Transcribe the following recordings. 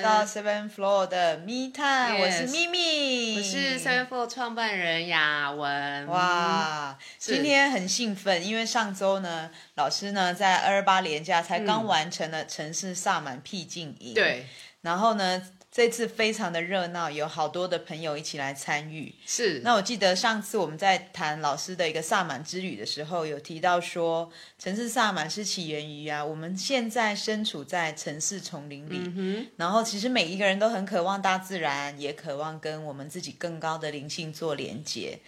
來到 7flow 的 Me Time 我是咪咪，我是 7flow 創辦人雅雯。哇，是今天很興奮，因為上周呢，老師呢在二二八連假才剛完成了城市薩滿僻靜營、嗯，對，然後呢。這次非常的熱鬧，有好多的朋友一起來參與。是。那我記得上次我們在談老師的一個薩滿之旅的時候，有提到說，城市薩滿是起源於啊，我們現在身處在城市叢林裡，嗯哼。然後其實每一個人都很渴望大自然，也渴望跟我們自己更高的靈性做連接，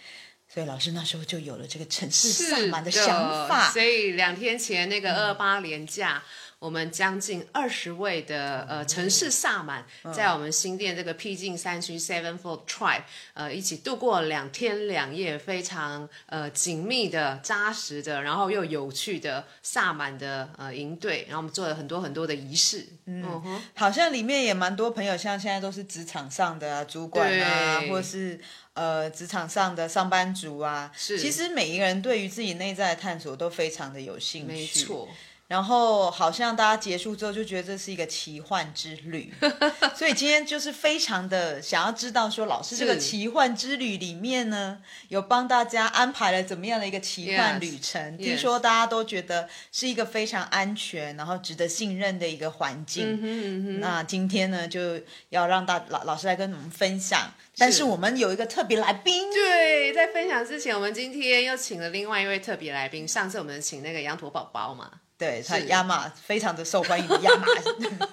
所以老師那時候就有了這個城市薩滿的想法。所以兩天前那個二八連假。嗯我們將近二十位的呃城市薩滿，嗯嗯、在我們新店這個僻靜山區 Sevenfold、嗯、Tribe 呃一起度過兩天兩夜，非常呃緊密的、扎實的，然後又有趣的薩滿的呃營隊。然後我們做了很多很多的儀式，嗯，嗯好像裡面也蠻多朋友，像現在都是職場上的、啊、主管啊，對或是呃職場上的上班族啊。是，其實每一個人對於自己內在的探索都非常的有興趣，沒錯。然後好像大家結束之後就覺得這是一個奇幻之旅， 所以今天就是非常的想要知道說老師這個奇幻之旅裡面呢，是有幫大家安排了怎麼樣的一個奇幻旅程？Yes, 聽說大家都覺得是一個非常安全，Yes. 然後值得信任的一個環境。 那今天呢，就要讓大老老師來跟我們分享。是但是我們有一個特別來賓，對，在分享之前，我們今天又請了另外一位特別來賓。上次我們請那個羊駝寶寶嘛。對，他 ama, 是亞馬，非常的受歡迎的亞馬。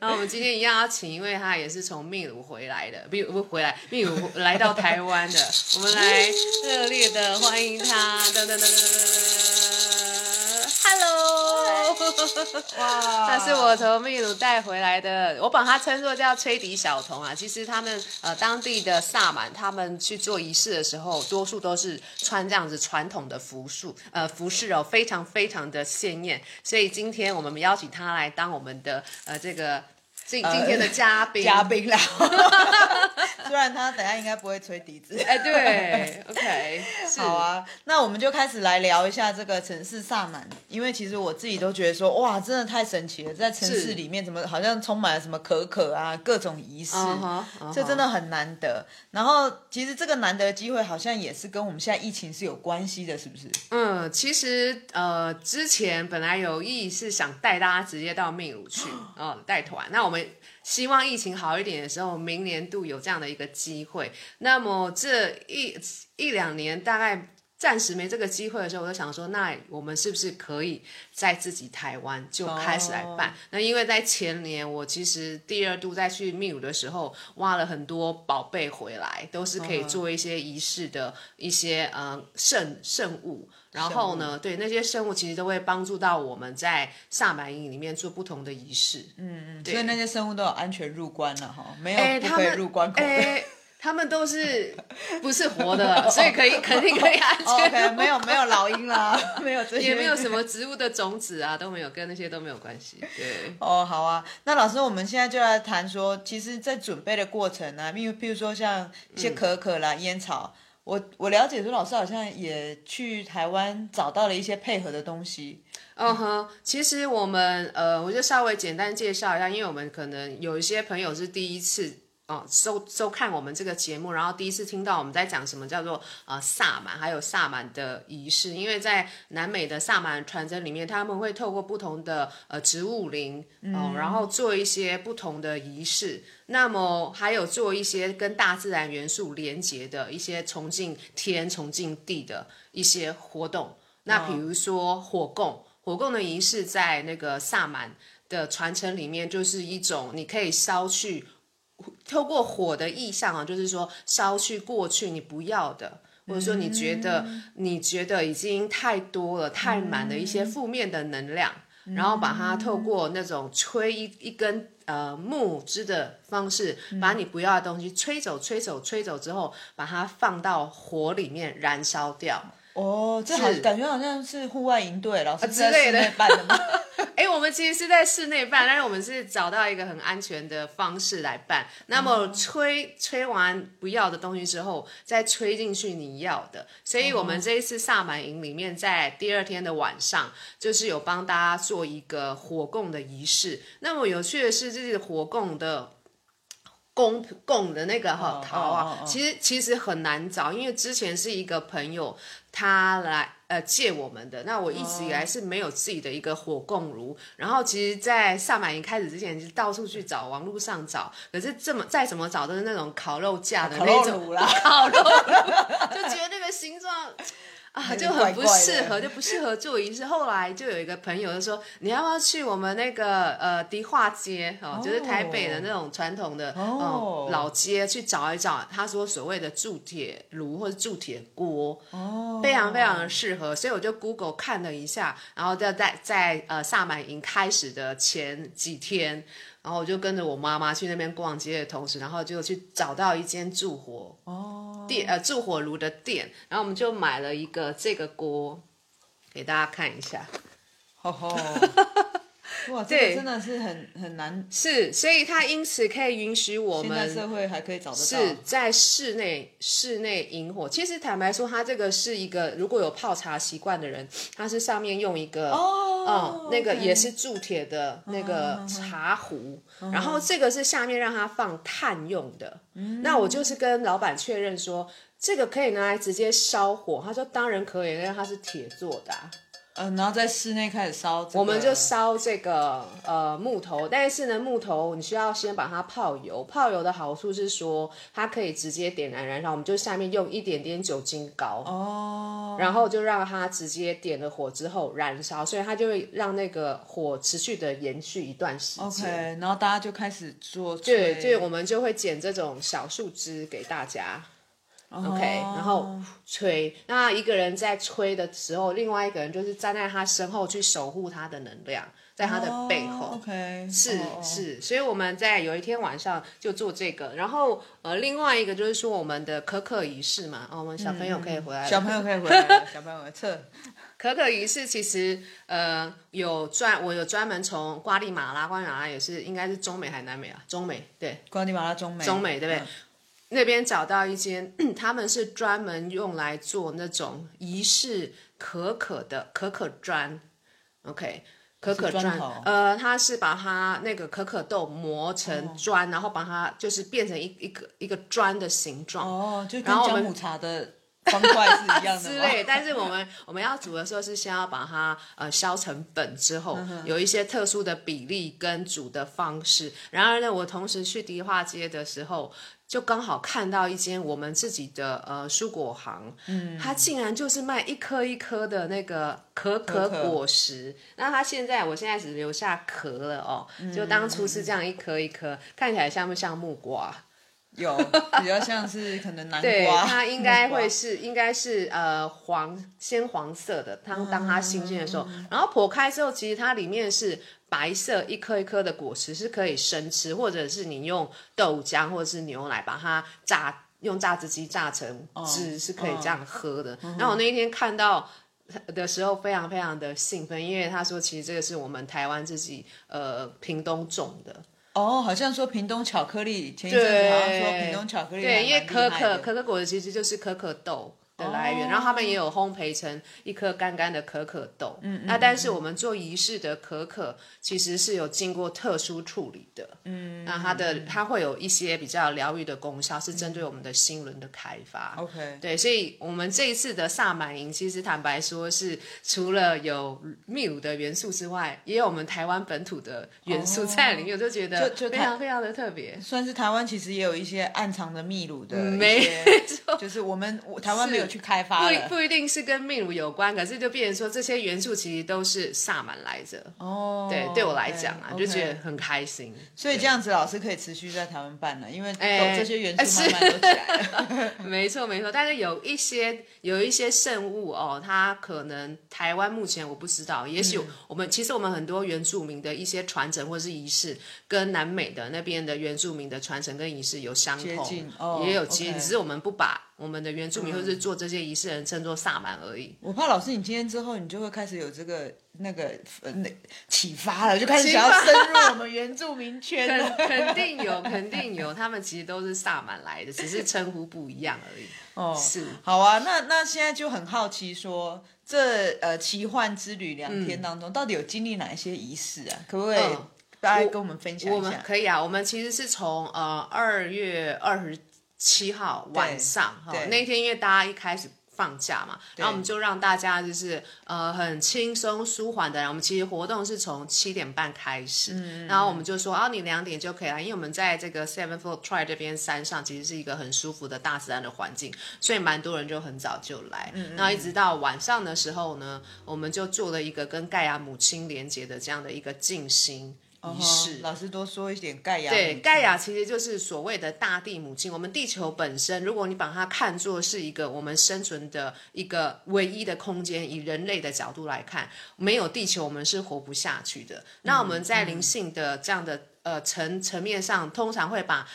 然後我們今天一樣要請，因為他也是從秘魯回來的，不不回來，秘魯來到台灣的。 我們來熱烈的歡迎他。噔噔噔噔。Hello，哇，Hi! Wow! 他是我從秘魯帶回來的，我把它稱作叫吹笛小童啊。其實他們呃當地的薩滿，他們去做儀式的時候，多數都是穿這樣子傳統的服束呃服飾哦，非常非常的鮮艷。所以今天我們邀請他來當我們的呃這個。今今天的嘉賓嘉賓了，然後 雖然他等下應該不會吹笛子，哎，對 ，OK，是好啊，那我們就開始來聊一下這個城市薩滿，因為其實我自己都覺得說，哇，真的太神奇了，在城市裡面怎麼是好像充滿了什麼可可啊，各種儀式，這、uh huh, uh huh. 真的很難得。然後其實這個難得的機會好像也是跟我們現在疫情是有關係的，是不是？嗯，其實呃，之前本來有意是想帶大家直接到秘魯去，嗯， 帶團，那我們。希望疫情好一點的時候，明年度有這樣的一個機會。那麼這一一兩年大概暫時沒這個機會的時候，我就想說，那我們是不是可以在自己台灣就開始來辦？Oh. 那因為在前年，我其實第二度再去秘魯的時候，挖了很多寶貝回來，都是可以做一些儀式的一些呃聖聖物。然後呢？物對，那些生物，其實都會幫助到我們在薩滿營裡面做不同的儀式。嗯嗯，對所以那些生物都有安全入關了哈，沒有不可以入關口。哎、欸，他們、欸、們都是不是活的， 所以可以肯定可以安全。 哦、okay, 沒有沒有老鷹啦，沒有，也沒有什麼植物的種子啊，都沒有跟那些都沒有關係。對哦，好啊，那老師我們現在就來談說，其實，在準備的過程呢、啊，比如、如說像一些可可啦、菸、嗯、草。我我了解朱老師好像也去台灣找到了一些配合的東西。嗯哼、uh-huh, 其實我們呃，我就稍微簡單介紹一下，因為我們可能有一些朋友是第一次。哦，收收看我們這個節目，然後第一次聽到我們在講什麼叫做呃薩滿，還有薩滿的儀式。因為在南美的薩滿傳承裡面，他們會透過不同的呃植物靈，哦、嗯，然後做一些不同的儀式。那麼還有做一些跟大自然元素連接的一些崇敬天、崇敬地的一些活動。那比如說火供，哦、火供的儀式在那個薩滿的傳承裡面，就是一種你可以燒去。透過火的意象啊，就是說燒去過去你不要的，嗯、或者說你覺得你覺得已經太多了、太滿的一些負面的能量，嗯、然後把它透過那種吹一一根呃木枝的方式，把你不要的東西吹走、吹走、吹走之後，把它放到火裡面燃燒掉。哦，這好像是感覺好像是戶外營隊老師的、呃、之類的內辦的嗎？哎、 欸，我們其實是在室內辦， 但是我們是找到一個很安全的方式來辦。那麼吹、嗯、哼吹完不要的東西之後，再吹進去你要的。所以我們這一次薩滿營裡面，在第二天的晚上，就是有幫大家做一個火供的儀式。那麼有趣的是，這是火供的。供供的那個哈、哦、桃啊，oh, oh, oh, oh. 其實其實很難找，因為之前是一個朋友他來呃借我們的，那我一直以來是沒有自己的一個火供爐，oh. 然後其實，在薩滿營開始之前，就到處去找，網路上找，可是這麼再怎麼找都是那種烤肉架的那種啦，啊，烤肉，烤肉 就覺得那個形狀。 啊，就很不適合，就不適合做儀式。於是後來就有一個朋友就說：“你要不要去我們那個呃迪化街哦、呃，就是台北的那種傳統的哦、oh. oh. 呃、老街去找一找？”他說：“所謂的鑄鐵爐或者鑄鐵鍋哦，oh. 非常非常的適合。”所以我就 Google 看了一下，然後就在在在呃薩滿營開始的前幾天。然後我就跟着我媽媽去那邊逛街的同時，然後就去找到一間鑄火哦、店、oh. 呃鑄火爐的店，然後我們就買了一個這個鍋，給大家看一下，吼吼。哇，對、這個，真的是很對很難，是，所以它因此可以允許我們在是在室內室內引火，其實坦白說，它這個是一個如果有泡茶習慣的人，它是上面用一個哦，那個也是鑄鐵的那個茶壺，oh, okay. Oh, okay. Oh. 然後這個是下面讓它放炭用的。Oh. 那我就是跟老闆確認說，這個可以拿來直接燒火，他說當然可以，因為它是鐵做的、啊。嗯、呃，然後在室內開始燒，這個。我們就燒這個呃木頭，但是呢，木頭你需要先把它泡油。泡油的好處是說，它可以直接點燃燃燒。我們就下面用一點點酒精膏，哦，oh. 然後就讓它直接點了火之後燃燒，所以它就會讓那個火持續的延續一段時間。OK，然後大家就開始做。對，對，我們就會撿這種小樹枝給大家。OK，、oh. 然後吹，那一個人在吹的時候，另外一個人就是站在他身後去守護他的能量，在他的背後。Oh. OK，是、oh. 是，所以我們在有一天晚上就做這個，然後呃，另外一個就是說我們的可可儀式嘛，哦、我們小朋友可以回來、嗯，小朋友可以回來， 小朋友來測。 可可儀式其實呃有專，我有專門從瓜地馬拉，瓜地馬拉也是應該是中美還是南美啊？中美對，瓜地馬拉中美，中美對不對？嗯那邊找到一間，他們是專門用來做那種儀式可可的可可磚，OK，可可磚，呃，他是把它那個可可豆磨成磚，哦、然後把它就是變成一個一個一個磚的形狀，哦，就跟薑母茶的方塊是一樣的。 是類，但是我們 我們要煮的時候是先要把它呃削成粉之後，呵呵有一些特殊的比例跟煮的方式。然而呢，我同時去迪化街的時候，就剛好看到一間我們自己的呃蔬果行，它、嗯、竟然就是賣一顆一顆的那個可可果實，可可，那它現在我現在只留下殼了哦，嗯、就當初是這樣一顆一顆，看起來像不像木瓜？有比較像是可能南瓜， 對，它應該會是瓜應該是呃黃鮮黃色的，當當它新鮮的時候，嗯、然後剖開之後，其實它裡面是白色一顆一顆的果實，是可以生吃，或者是你用豆漿或者是牛奶把它榨，用榨汁機榨成汁，哦、是可以這樣喝的。嗯、然後我那一天看到的時候非常非常的興奮，因為他說其實這個是我們台灣自己呃屏東種的。哦，好像說屏東巧克力，前一陣子好像說屏東巧克力蠻蠻，對，因為可可可可果子其實就是可可豆的來源，然後他們也有烘焙成一顆乾乾的可可豆。嗯，那但是我們做儀式的可可，其實是有經過特殊處理的。嗯。那它的它會有一些比較療癒的功效，是針對我們的心輪的開發。OK。對，所以我們這一次的薩滿營，其實坦白說是除了有秘魯的元素之外，也有我們台灣本土的元素在裡面。我就覺得，就非常非常的特別，算是台灣其實也有一些暗藏的秘魯的。沒錯。就是我們台灣沒有。去開發，不不一定是跟秘魯有關，可是就變成說這些元素其實都是薩滿來着。哦，oh, okay, 對，對我來講啊，okay. 就覺得很開心。所以這樣子老師可以持續在台灣辦了，對因為有這些元素慢慢起來、欸 沒。沒錯沒錯，但是有一些有一些聖物哦、喔，它可能台灣目前我不知道，也許我們、嗯、其實我們很多原住民的一些傳承或者是儀式，跟南美的那邊的原住民的傳承跟儀式有相同，也有接近，哦、okay. 只是我們不把。我們的原住民或是做這些儀式的人稱作薩滿而已、嗯。我怕老師，你今天之後你就會開始有這個那個呃、那啟發了，就開始想要深入啟發 我們原住民圈了 肯。肯定有，肯定有，他們其實都是薩滿來的，只是稱呼不一樣而已。哦，是，好啊。那那現在就很好奇說，說這呃奇幻之旅兩天當中、嗯、到底有經歷哪一些儀式啊？可不可以大家跟我們分享一下？嗯、我我們可以啊，我們其實是從呃二月二十。七號晚上哈、哦，那天因為大家一開始放假嘛，對然後我們就讓大家就是呃很輕鬆舒緩的。然後我們其實活動是從七點半開始，嗯、然後我們就說啊，你兩點就可以了，因為我們在這個 Sevenfold Try 這邊山上其實是一個很舒服的大自然的環境，所以蠻多人就很早就來。那、嗯、一直到晚上的時候呢，我們就做了一個跟蓋亞母親連接的這樣的一個靜心。Uh huh. 是老師多說一點蓋亞。對，蓋亞其實就是所謂的大地母親。我們地球本身，如果你把它看作是一個我們生存的一個唯一的空間，以人類的角度來看，沒有地球我們是活不下去的。那我們在靈性的這樣的呃層層面上，通常會把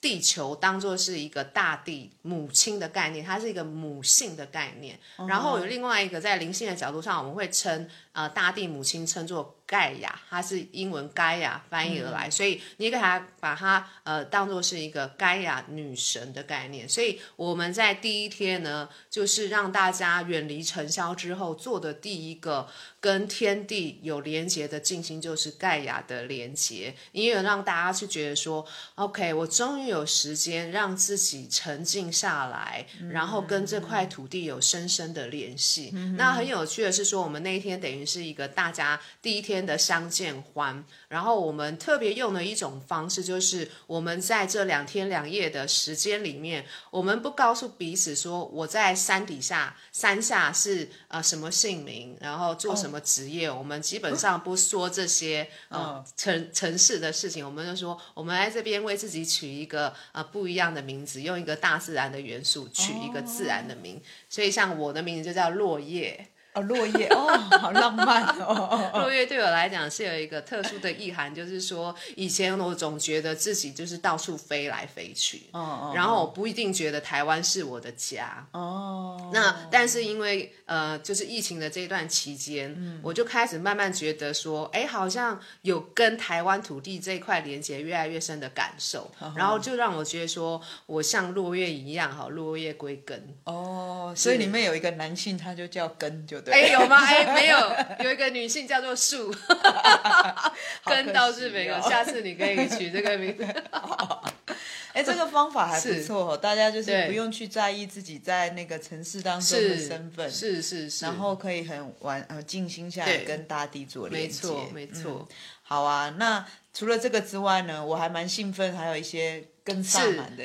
地球當作是一個大地母親的概念，它是一個母性的概念。Uh huh. 然後有另外一個在靈性的角度上，我們會稱啊、呃、大地母親稱作。蓋亞，它是英文蓋亞翻譯而來，嗯、所以你給它把它呃當做是一個蓋亞女神的概念。所以我們在第一天呢，就是讓大家遠離塵囂之後做的第一個跟天地有連接的靜心，就是蓋亞的連接，因為讓大家去覺得說、嗯、OK，我終於有時間讓自己沉靜下來，然後跟這塊土地有深深的聯繫。嗯嗯，那很有趣的是說，我們那一天等於是一個大家第一天。的相見歡，然後我們特別用的一種方式就是，我們在這兩天兩夜的時間裡面，我們不告訴彼此說我在山底下，山下是啊、呃、什麼姓名，然後做什麼職業，Oh. 我們基本上不說這些、呃、城城市的事情，我們就說我們來這邊為自己取一個、呃、不一樣的名字，用一個大自然的元素取一個自然的名，Oh. 所以像我的名字就叫落葉。哦，oh, 落葉哦，oh, 好浪漫哦。Oh, oh, oh, oh. 落葉對我來講是有一個特殊的意涵，就是說以前我總覺得自己就是到處飛來飛去，oh, oh, oh. 然後我不一定覺得台灣是我的家哦。Oh. 那但是因為呃，就是疫情的這一段期間，嗯，我就開始慢慢覺得說，哎，好像有跟台灣土地這一塊連接越來越深的感受，oh. 然後就讓我覺得說，我像落葉一樣，好，落葉歸根哦。Oh, 所以，所以裡面有一個男性，他就叫根就。哎對，有嗎？哎，沒有，有一個女性叫做樹， 好，跟倒是沒有。有下次你可以取這個名字。 哎，這個方法還不錯哦，是大家就是不用去在意自己在那個城市當中的身份，是是，對是，是是，然後可以很玩呃靜心下來跟大地做連接，沒錯沒錯、嗯。好啊，那除了這個之外呢，我還蠻興奮，還有一些。是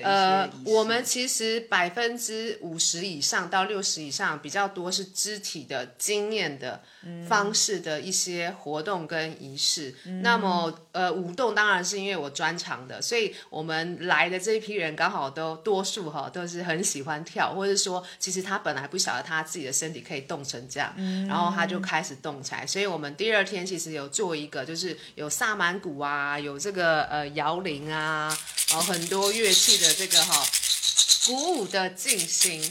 呃，我們其實百分之五十以上到六十以上，比較多是肢體的、經驗的方式的一些活動跟儀式，嗯、那麼呃舞動當然是因為我專長的，所以我們來的這一批人剛好都多數哈、哦、都是很喜歡跳，或者是說其實他本來不曉得他自己的身體可以動成這樣，嗯、然後他就開始動起來。所以我們第二天其實有做一個就是有薩滿鼓啊，有這個呃搖鈴啊，然後很多樂器的這個哈、哦、鼓舞的進行。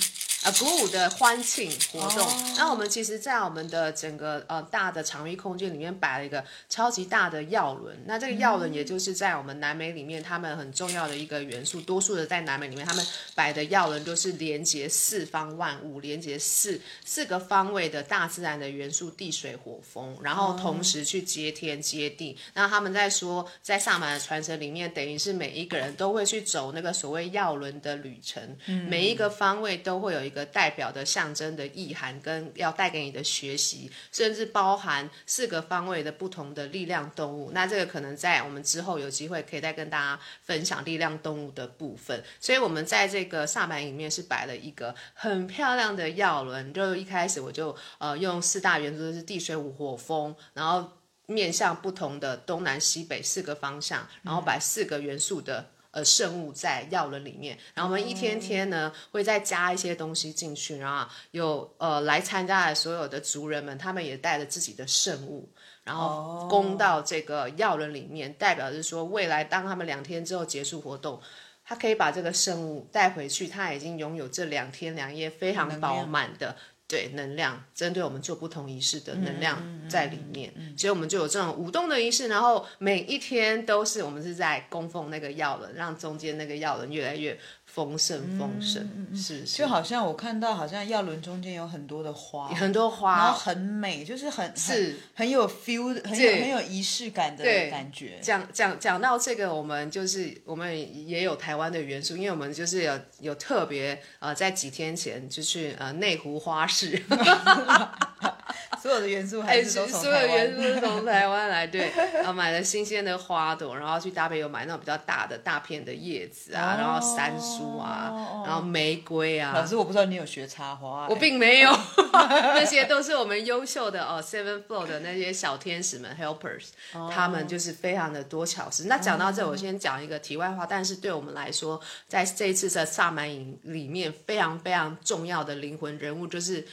啊，鼓舞、呃、的歡慶活動。Oh. 那我們其實，在我們的整個呃大的場域空間裡面，擺了一個超級大的藥輪。那這個藥輪，也就是在我們南美裡面，他們很重要的一個元素。多數的在南美裡面，他們擺的藥輪都是連接四方萬物，連接四四個方位的大自然的元素：地、水、火、風。然後同時去接天接地。Oh. 那他們在說，在薩滿的傳承裡面，等於是每一個人都會去走那個所謂藥輪的旅程。Oh. 每一個方位都會有一個。一個代表的象徵的意涵，跟要帶給你的學習，甚至包含四個方位的不同的力量動物。那這個可能在我們之後有機會可以再跟大家分享力量動物的部分。所以，我們在這個薩滿裡面是擺了一個很漂亮的藥輪。就一開始我就呃用四大元素，就是地水火風，然後面向不同的東南西北四個方向，然後擺四個元素的。呃，聖物在藥輪裡面，然後我們一天天呢、嗯、會再加一些東西進去，然後、啊、有呃來參加的所有的族人們，他們也帶着自己的聖物，然後供到這個藥輪裡面，哦、代表是說未來當他們兩天之後結束活動，他可以把這個聖物帶回去，他已經擁有這兩天兩夜非常飽滿的。對能量，針對我們做不同儀式的能量在裡面，所以我們就有這種舞動的儀式。然後每一天都是我們是在供奉那個藥輪，讓中間那個藥輪越來越豐盛，盛，豐盛、嗯，是，是，就好像我看到，好像藥輪中間有很多的花，很多花，然後很美，就是很，是很有 feel，很有對很有儀式感的感覺。講講講到這個，我們就是我們也有台灣的元素，因為我們就是有有特別呃，在幾天前就去呃內湖花市。 所有的元素還是都從台灣，從台灣來，對， 然後買了新鮮的花朵，然後去搭配，有買那種比較大的大片的葉子啊，oh, 然後山蘇啊，oh. 然後玫瑰啊。老師，我不知道你有學插花，我並沒有，oh. 那些都是我們優秀的哦、oh, Seven Flow 的那些小天使們 Helpers、oh. 他們就是非常的多巧思。Oh. 那講到這，我先講一個題外話，但是對我們來說，在這一次的薩滿營裡面，非常非常重要的靈魂人物就是。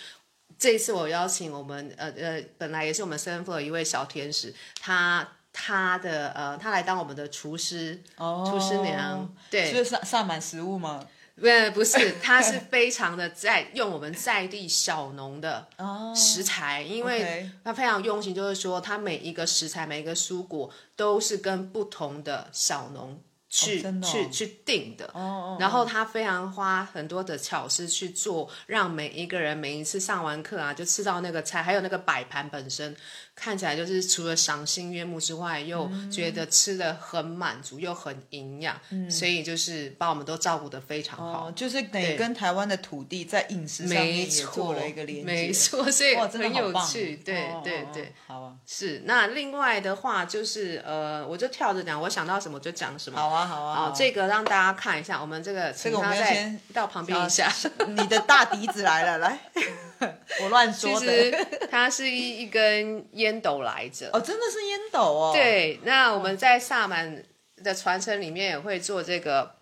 這一次我邀請我們呃呃，本來也是我們三富的一位小天使，他他的呃他來當我們的廚師，oh, 廚師娘，對，就是薩薩滿食物嗎？不是不是，他是非常的在 用我們在地小農的食材，oh, okay. 因為他非常用心，就是說他每一個食材、每一個蔬果都是跟不同的小農。去去去定的，然後他非常花很多的巧思去做，讓每一個人每一次上完課啊，就吃到那個菜，還有那個擺盤本身看起來就是除了賞心悅目之外，又覺得吃的很滿足又很營養，所以就是把我們都照顧的非常好，就是也跟台灣的土地在飲食上面也做了一個連接，沒錯，所以哇，很有趣對對對，好啊，是那另外的話就是呃，我就跳着講，我想到什麼就講什麼，好啊。好，這個讓大家看一下，我們這個請他這個我先到旁邊一下，你的大笛子來了，來， 我亂說的，它是一一根菸斗來着，哦，真的是菸斗哦，對，那我們在薩滿的傳承裡面也會做這個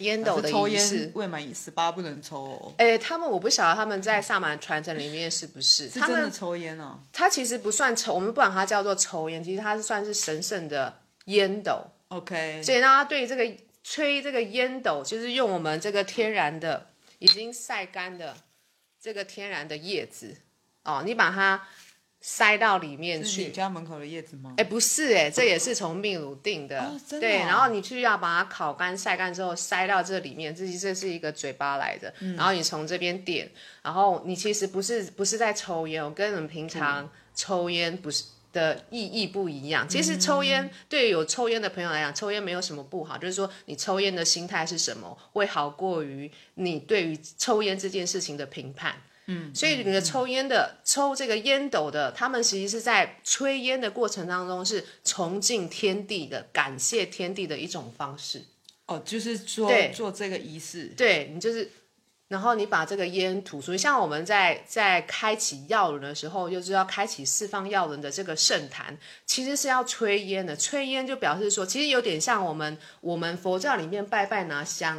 菸斗的儀式，未滿十八不能抽哦，哎、欸，他們我不曉得他們在薩滿傳承裡面是不是，是真的抽菸哦他，他其實不算抽，我們不管它叫做抽菸，其實它是算是神聖的菸斗。OK，所以他對這個吹這個煙斗，就是用我們這個天然的，已經曬乾的這個天然的葉子哦，你把它塞到裡面去。是你家門口的葉子嗎？哎，欸、不是哎、欸，這也是從秘魯訂的，啊啊真的啊、對。然後你去要把它烤乾、曬乾之後塞到這裡面，這這是一個嘴巴來的。嗯、然後你從這邊點，然後你其實不是不是在抽煙，我跟你們平常抽煙不是。嗯的意義不一樣。其實抽煙、嗯、對有抽煙的朋友來講，抽煙沒有什麼不好，就是說你抽煙的心態是什麼，會好過於你對於抽煙這件事情的評判。嗯，所以你的抽煙的、嗯、抽這個煙斗的，他們其實是在吹煙的過程當中，是崇敬天地的、感謝天地的一種方式。哦，就是做對做這個儀式，對，你就是。然後你把這個煙吐出，像我們在在開啟藥輪的時候，就是要開啟釋放藥輪的這個聖壇，其實是要吹煙的。吹煙就表示說，其實有點像我們我們佛教裡面拜拜拿香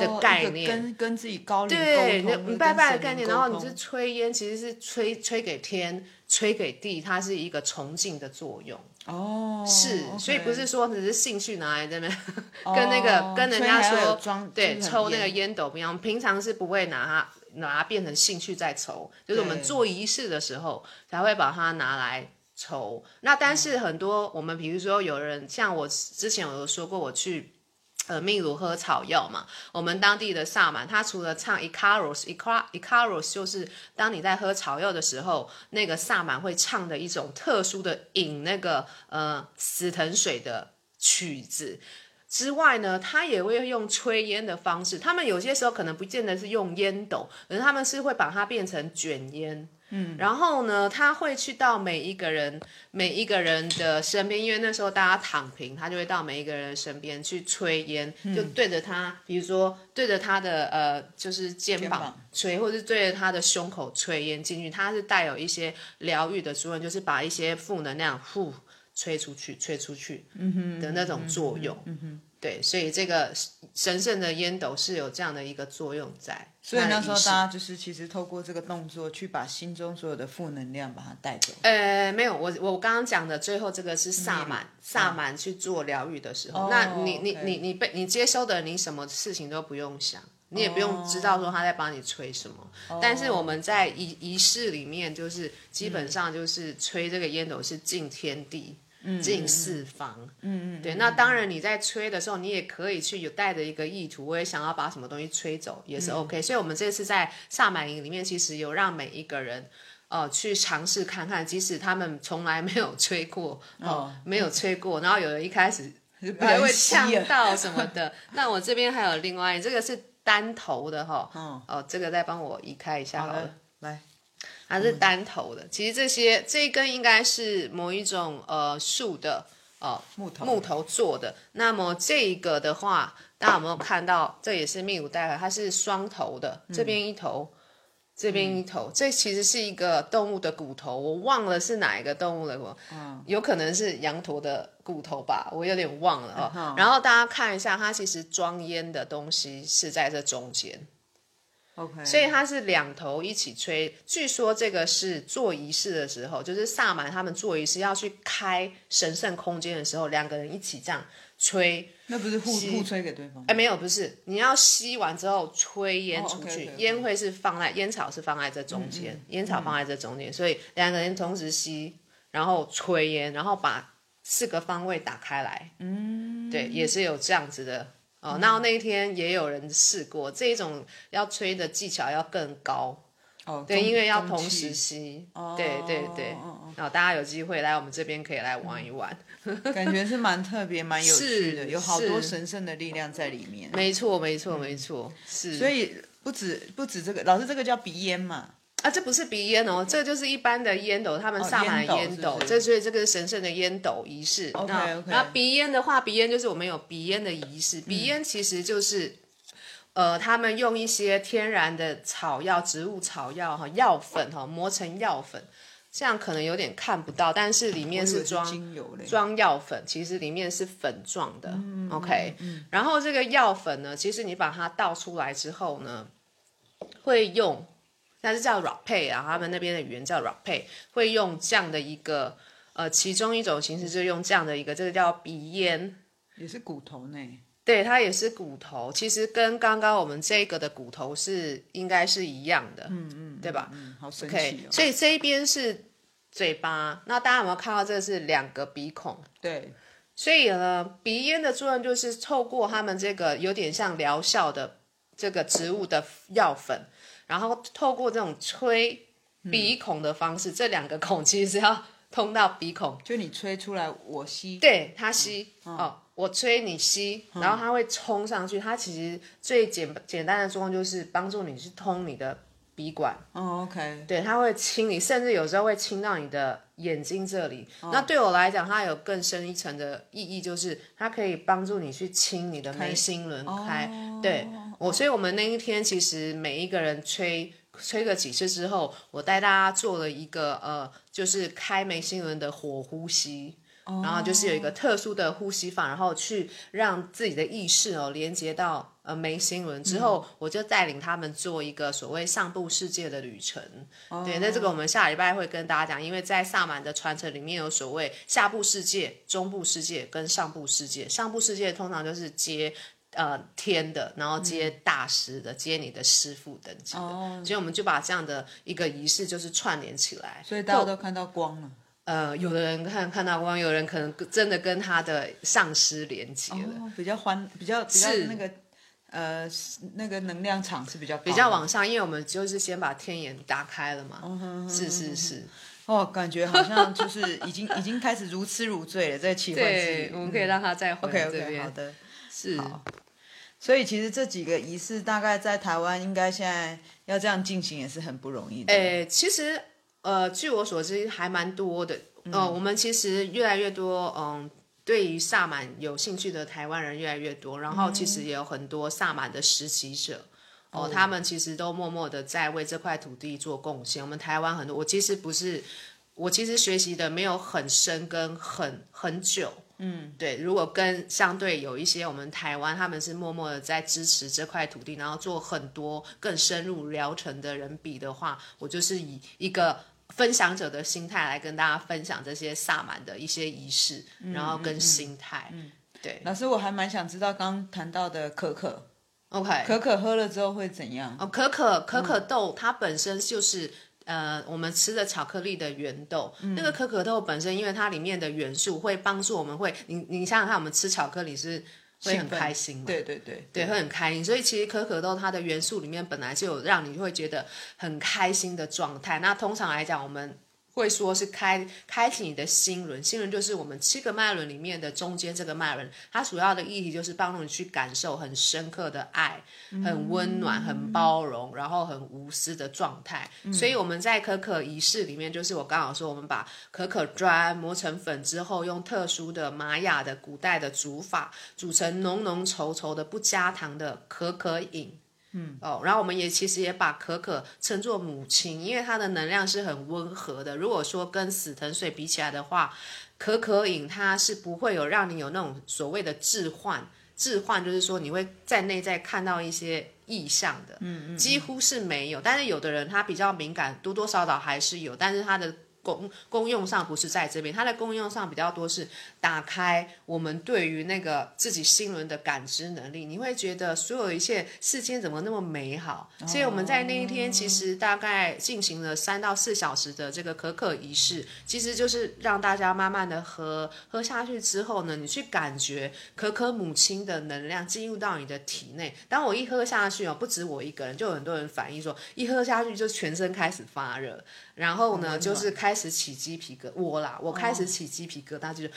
的概念，哦、跟跟自己高靈溝通，對拜拜的概念。然後你是吹煙，其實是吹吹給天，吹給地，它是一個崇敬的作用。哦。.是，所以不是說只是興趣拿來對嗎？Okay. 跟那個、oh, 跟人家說，對，抽那個煙斗不一樣。平常是不會拿它，拿它變成興趣在抽，就是我們做儀式的時候對才會把它拿來抽。那但是很多、嗯、我們，比如說有人像我之前我有說過，我去。呃，例如喝草藥嘛，我們當地的薩滿，他除了唱《Ikaros》，《Ikaros》就是當你在喝草藥的時候，那個薩滿會唱的一種特殊的引那個呃死藤水的曲子之外呢，他也會用吹煙的方式。他們有些時候可能不見得是用煙斗，可是他們是會把它變成捲煙。嗯，然後呢，他會去到每一個人，每一個人的身邊，因為那時候大家躺平，他就會到每一個人身邊去吹煙，嗯、就對着他，比如說對着他的呃就是肩膀吹，膀或者是對着他的胸口吹煙進去，他是帶有一些療癒的作用，就是把一些負能量呼。吹出去，吹出去，的那種作用，對，所以這個神聖的烟斗是有這樣的一個作用在。所以那時候大家就是其實透過這個動作去把心中所有的負能量把它帶走。呃，沒有，我我剛剛講的最後這個是薩滿、嗯、薩滿去做療癒的時候，嗯、那你、哦、你你 okay. 你被你接收的，你什麼事情都不用想，你也不用知道說他在幫你吹什麼。哦、但是我們在儀儀式裡面，就是基本上就是吹這個烟斗是敬天地。進四方，嗯嗯，嗯對，嗯、那當然你在吹的時候，你也可以去有帶着一個意圖，嗯、我也想要把什麼東西吹走，也是 OK。嗯、所以，我們這次在薩滿營裡面，其實有讓每一個人，哦、呃、去嘗試看看，即使他們從來沒有吹過，哦、呃，嗯、沒有吹過，然後有人一開始還會嗆到什麼的。那 我這邊還有另外一個這個是單頭的哈，哦、呃嗯呃，這個再幫我移開一下，好了的，好的來。它是單頭的，其實這些這一根應該是某一種呃樹的呃木頭木頭做的。那麼這一個的話，大家有沒有看到？這也是秘魯帶來，它是雙頭的，這邊一頭，嗯、這邊一頭。這其實是一個動物的骨頭，我忘了是哪一個動物了，我、嗯、有可能是羊駝的骨頭吧，我有點忘了、哦 uh huh、然後大家看一下，它其實裝煙的東西是在這中間。Okay. 所以它是兩頭一起吹。據說這個是做儀式的時候，就是薩滿他們做儀式要去開神聖空間的時候，兩個人一起這樣吹。那不是互吸互吹給對方？哎、欸，沒有，不是，你要吸完之後吹煙出去，煙會是放在煙草是放在這中間，煙、嗯嗯、草放在這中間，嗯、所以兩個人同時吸，然後吹煙，然後把四個方位打開來。嗯，對，也是有這樣子的。哦，那、oh, 那天也有人試過、嗯、這一種要吹的技巧要更高，哦、對，因為要同時吸，哦、對對對，然後大家有機會來我們這邊可以來玩一玩，嗯、感覺是蠻特別、蠻有趣的，是有好多神聖的力量在裡面。是沒錯，沒錯，沒錯、嗯，是。所以不止不止這個，老師這個叫鼻菸嘛。啊，這不是鼻煙哦，Okay. 這就是一般的煙斗，他們薩滿的煙斗，oh, 菸斗是不是？這是這個是神聖的煙斗儀式。OK Okay, okay. 那鼻煙的話，鼻煙就是我們有鼻煙的儀式，鼻煙其實就是，嗯、呃，他們用一些天然的草藥、植物草藥哈，藥粉哈，磨成藥粉，這樣可能有點看不到，但是裡面是裝裝藥粉，其實裡面是粉狀的。嗯嗯嗯嗯 OK。然後這個藥粉呢，其實你把它倒出來之後呢，會用。那是叫 Rapé 啊，他們那邊的語言叫 Rapé，會用這樣的一個，呃，其中一種形式就是用這樣的一個，這個叫鼻煙，也是骨頭呢。對，它也是骨頭，其實跟剛剛我們這個的骨頭是應該是一樣的，嗯嗯，嗯嗯，對吧？嗯，好神奇、哦、okay, 所以這一邊是嘴巴，那大家有沒有看到？這是兩個鼻孔。對，所以呢、呃，鼻煙的作用就是透過他們這個有點像療效的這個植物的藥粉。然後透過這種吹鼻孔的方式，嗯、這兩個孔其實是要通到鼻孔。就你吹出來，我吸。對，他吸。嗯、哦，嗯、我吹你吸，嗯、然後它會衝上去。它其實最簡簡單的作用就是幫助你去通你的鼻管。哦，OK。對，它會清理，甚至有時候會清到你的眼睛這裡。哦、那對我來講，它有更深一層的意義，就是它可以幫助你去清你的眉心輪開。Okay 對。哦對我、oh, 所以，我們那一天其實每一個人吹吹個幾次之後，我帶大家做了一個呃，就是開眉心輪的火呼吸，oh. 然後就是有一個特殊的呼吸法，然後去讓自己的意識哦連接到呃眉心輪之後，我就帶領他們做一個所謂上部世界的旅程。Oh. 對，那這個我們下禮拜會跟大家講，因為在薩滿的傳承裡面有所謂下部世界、中部世界跟上部世界，上部世界通常就是接。呃，天的，然後接大師的，接你的師父等級的，所以我們就把這樣的一個儀式就是串聯起來，所以大家都看到光了。呃，有的人看看到光，有人可能真的跟他的上師連接了，比較歡，比較比較那個呃那個能量場是比較比較往上，因為我們就是先把天眼打開了嘛。是是是，哦，感覺好像就是已經已經開始如痴如醉了。在個氛，我們可以讓他再回來這邊。好的，是。所以其實這幾個儀式大概在台灣應該現在要這樣進行也是很不容易的。誒、欸，其實呃，據我所知還蠻多的。哦、嗯呃，我們其實越來越多，嗯，對於薩滿有興趣的台灣人越來越多，然後其實也有很多薩滿的實習者，哦、嗯呃，他們其實都默默的在為這塊土地做貢獻。我們台灣很多，我其實不是，我其實學習的沒有很深跟很很久。嗯，對，如果跟相對有一些我們台灣，他們是默默的在支持這塊土地，然後做很多更深入療程的人比的話，我就是以一個分享者的心態來跟大家分享這些薩滿的一些儀式，嗯、然後跟心態。嗯嗯嗯、對，老師，我還蠻想知道剛剛談到的可可，OK，可可喝了之後會怎樣？哦，可可，可可豆、嗯、它本身就是。呃，我們吃的巧克力的原豆，嗯、那個可可豆本身，因為它裡面的元素會幫助我們會，會你你想想看，我們吃巧克力是，是會很開心嘛？對對對，對會很開心。所以其實可可豆它的元素裡面本來就有讓你會覺得很開心的狀態。那通常來講，我們。會說是開開啟你的心輪，心輪就是我們七個脈輪裡面的中間這個脈輪，它主要的意義就是幫助你去感受很深刻的愛，很溫暖，很包容，然後很無私的狀態。所以我們在可可儀式裡面，就是我剛好說，我們把可可磚磨成粉之後，用特殊的瑪雅的古代的煮法，煮成濃濃稠稠的不加糖的可可飲。嗯哦，oh, 然後我們也其實也把可可稱作母親，因為它的能量是很溫和的。如果說跟死藤水比起來的話，可可飲它是不會有讓你有那種所謂的置換，置換就是說你會在內在看到一些意象的，嗯幾乎是沒有。但是有的人他比較敏感，多多少少還是有，但是他的功功用上不是在這邊，它的功用上比較多是。打開我們對於那個自己心輪的感知能力，你會覺得所有一切世間怎麼那麼美好？所以我們在那一天其實大概進行了三到四小時的這個可可儀式，其實就是讓大家慢慢的喝喝下去之後呢，你去感覺可可母親的能量進入到你的體內。當我一喝下去哦，不止我一個人，就有很多人反映說，一喝下去就全身開始發熱，然後呢就是開始起雞皮疙瘩，啦，我開始起雞皮疙瘩就是。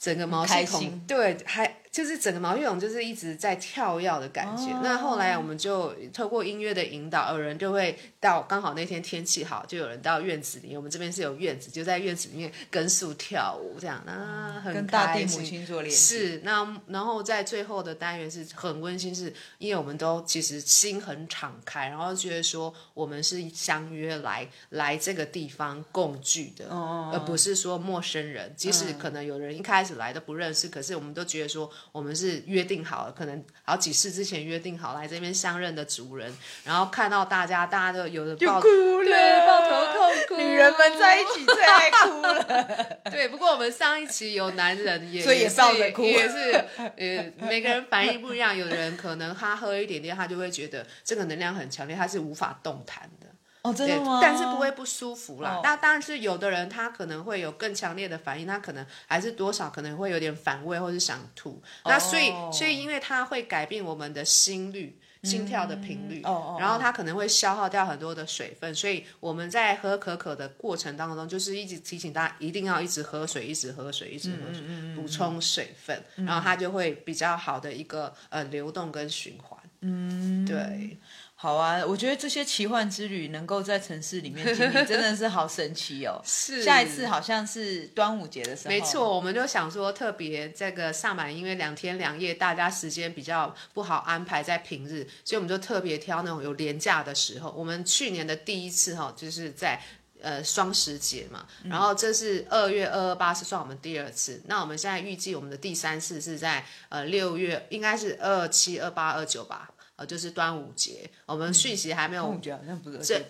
整個毛細孔，對，還。就是整個毛血勇就是一直在跳躍的感覺。哦、那後來我們就透過音樂的引導，有人就會到剛好那天天氣好，就有人到院子裡，我們這邊是有院子，就在院子裡面跟樹跳舞這樣、嗯、啊，很開心。跟大地母親做連繫。是那然後在最後的單元是很溫馨，是因為我們都其實心很敞開，然後覺得說我們是相約來來這個地方共聚的，哦、而不是說陌生人。即使可能有人一開始來都不認識，嗯、可是我們都覺得說。我們是約定好了，可能好幾世之前約定好來這邊相認的族人，然後看到大家，大家都有的抱着，哭，對，抱頭痛哭，女人們在一起最愛哭了。 對，不過我們上一期有男人也，所以也抱着哭也是哭，也是呃，每個人反應不一樣， 有的人可能他喝一點點，他就會覺得這個能量很強烈，他是無法動彈。Oh, 真的嗎？對，但是不會不舒服啦。那當然是有的人他可能會有更強烈的反應，他可能還是多少可能會有點反胃或是想吐。Oh. 那所以所以因為它會改變我們的心率、心跳的頻率，然後它可能會消耗掉很多的水分。所以我們在喝可可的過程當中，就是一直提醒大家一定要一直喝水，一直喝水，一直喝水，mm. 補充水分，mm. 然後它就會比較好的一個呃流動跟循環。嗯，mm. 對。好啊，我覺得這些奇幻之旅能夠在城市裡面經歷，真的是好神奇哦。 是，下一次好像是端午節的時候。沒錯，我們就想說特別這個薩滿，因為兩天兩夜，大家時間比較不好安排在平日，所以我們就特別挑那種有連假的時候。我們去年的第一次哈，就是在呃雙十節嘛，嗯、然後這是二月二二八是算我們第二次，那我們現在預計我們的第三次是在呃六月，應該是二七二八二九吧。就是端午節，我們訊息還沒有。端午節好像不是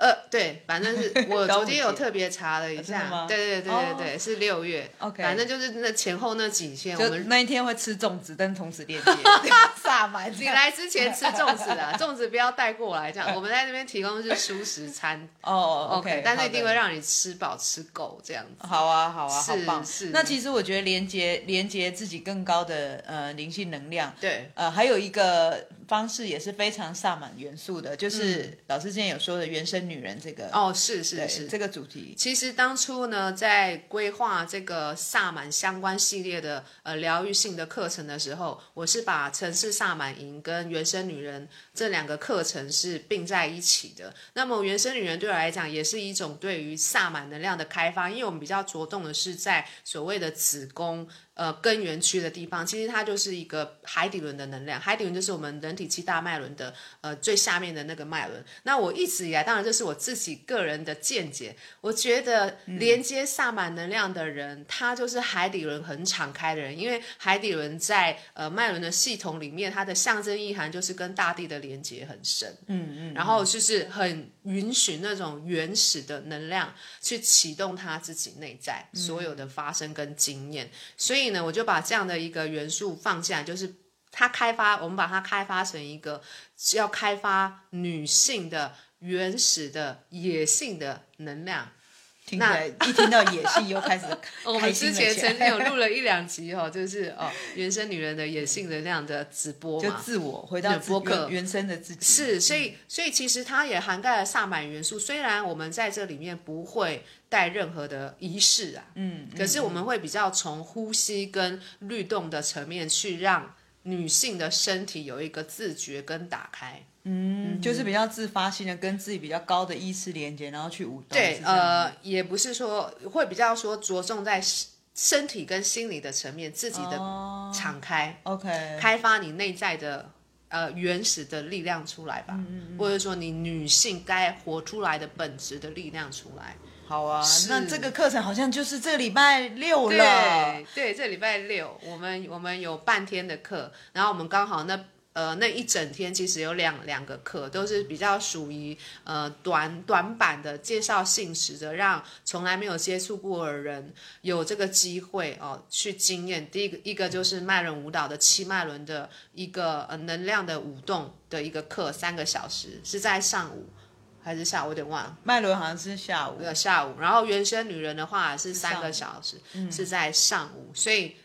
呃，對，反正是我昨天有特別查了一下，對對對對對，是六月。反正就是那前後那幾天，我們那一天會吃粽子，但同時鏈接。你來之前吃粽子啊？粽子不要帶過來，這樣我們在這邊提供是蔬食餐。哦，OK，但是一定會讓你吃飽吃夠這樣子。好啊，好啊，好棒。是是，那其實我覺得連接連接自己更高的呃靈性能量。對。呃，還有一個。方式也是非常薩滿元素的，就是老師之前有說的原生女人這個、嗯、對哦，是是是這個主題。其實當初呢，在規劃這個薩滿相關系列的呃療癒性的課程的時候，我是把城市薩滿營跟原生女人這兩個課程是併在一起的。那麼原生女人對我來講也是一種對於薩滿能量的開發，因為我們比較着重的是在所謂的子宮。呃，根源區的地方，其實它就是一個海底輪的能量。海底輪就是我們人體七大脈輪的呃最下面的那個脈輪。那我一直以來，當然這是我自己個人的見解，我覺得連接薩滿能量的人，他、嗯、就是海底輪很敞開的人，因為海底輪在呃脈輪的系統裡面，它的象徵意涵就是跟大地的連接很深。嗯，嗯嗯。然後就是很允許那種原始的能量去啟動他自己內在嗯嗯所有的發生跟經驗，所以。我就把這樣的一個元素放進來，就是它開發，我們把它開發成一個要開發女性的原始的野性的能量。那聽一聽到野性又開始開， 我們之前曾經有錄了一兩集哦，就是哦原生女人的野性的那樣的直播嘛，就自我回到自播客原、原生的自己。是，所以所以其實它也涵蓋了薩滿元素，雖然我們在這裡面不會帶任何的儀式啊，嗯，可是我們會比較從呼吸跟律動的層面去讓女性的身體有一個自覺跟打開。嗯，就是比較自發性的，嗯、哼跟自己比較高的意識連接，然後去舞蹈。對，呃，也不是說會比較說着重在身體跟心理的層面，自己的敞開，OK，、哦、開發你內在的呃原始的力量出來吧，嗯、哼或者說你女性該活出來的本質的力量出來。好啊，是那這個課程好像就是這禮拜六了，對，對，這禮拜六我們我們有半天的課，然後我們剛好那。呃，那一整天其實有兩兩個課，都是比較屬於呃短短版的介紹性質的，讓從來沒有接觸過的人有這個機會哦、呃、去經驗。第一個一個就是脈輪舞蹈的七脈輪的一個呃能量的舞動的一個課，三個小時是在上午還是下午？我有點忘了。脈輪好像是下午。有下午。然後原生女人的話是三個小時，是，嗯、是在上午，所以。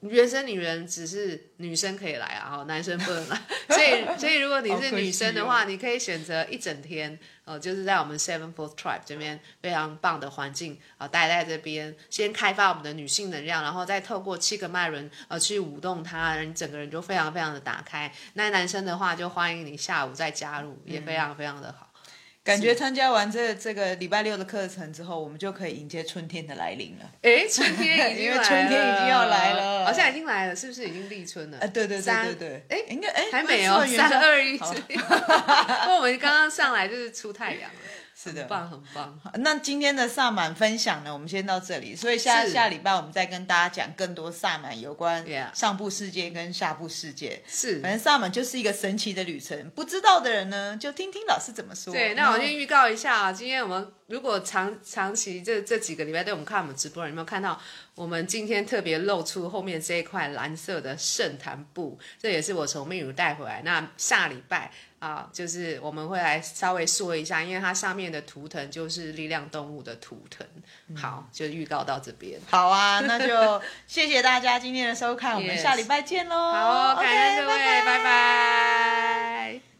原生女人只是女生可以來啊，男生不能來。所以，所以如果你是女生的話，可、哦、你可以選擇一整天，哦、呃，就是在我們 7flow Tribe 這邊非常棒的環境啊、呃，待在這邊，先開發我們的女性能量，然後再透過七個脈輪，呃，去舞動它，你整個人就非常非常的打開。那男生的話，就歡迎你下午再加入，也非常非常的好。嗯感覺參加完這這個禮拜六的課程之後，我們就可以迎接春天的來臨了。哎，春天已經因為春天已經要來了，好像已經來了，是不是已經立春了？哎，對對對對對，哎，應該哎還沒哦，三二一春。不過我們剛剛上來就是出太陽了。是的，很棒，很棒。那今天的薩滿分享呢，我們先到這裡。所以下是下禮拜我們再跟大家講更多薩滿有關上部世界跟下部世界。是，反正薩滿就是一個神奇的旅程。不知道的人呢，就聽聽老師怎麼說。對，後那我先預告一下啊。今天我們如果長長期這這幾個禮拜對我們看我們直播，有沒有看到我們今天特別露出後面這一塊藍色的聖壇布？這也是我從秘魯帶回來。那下禮拜。啊，uh, 就是我們會來稍微說一下，因為它上面的圖騰就是力量動物的圖騰。Mm hmm. 好，就預告到這邊。好啊，那就謝謝大家今天的收看， 我們下禮拜見嘍。Yes. 好，感謝各位，拜拜。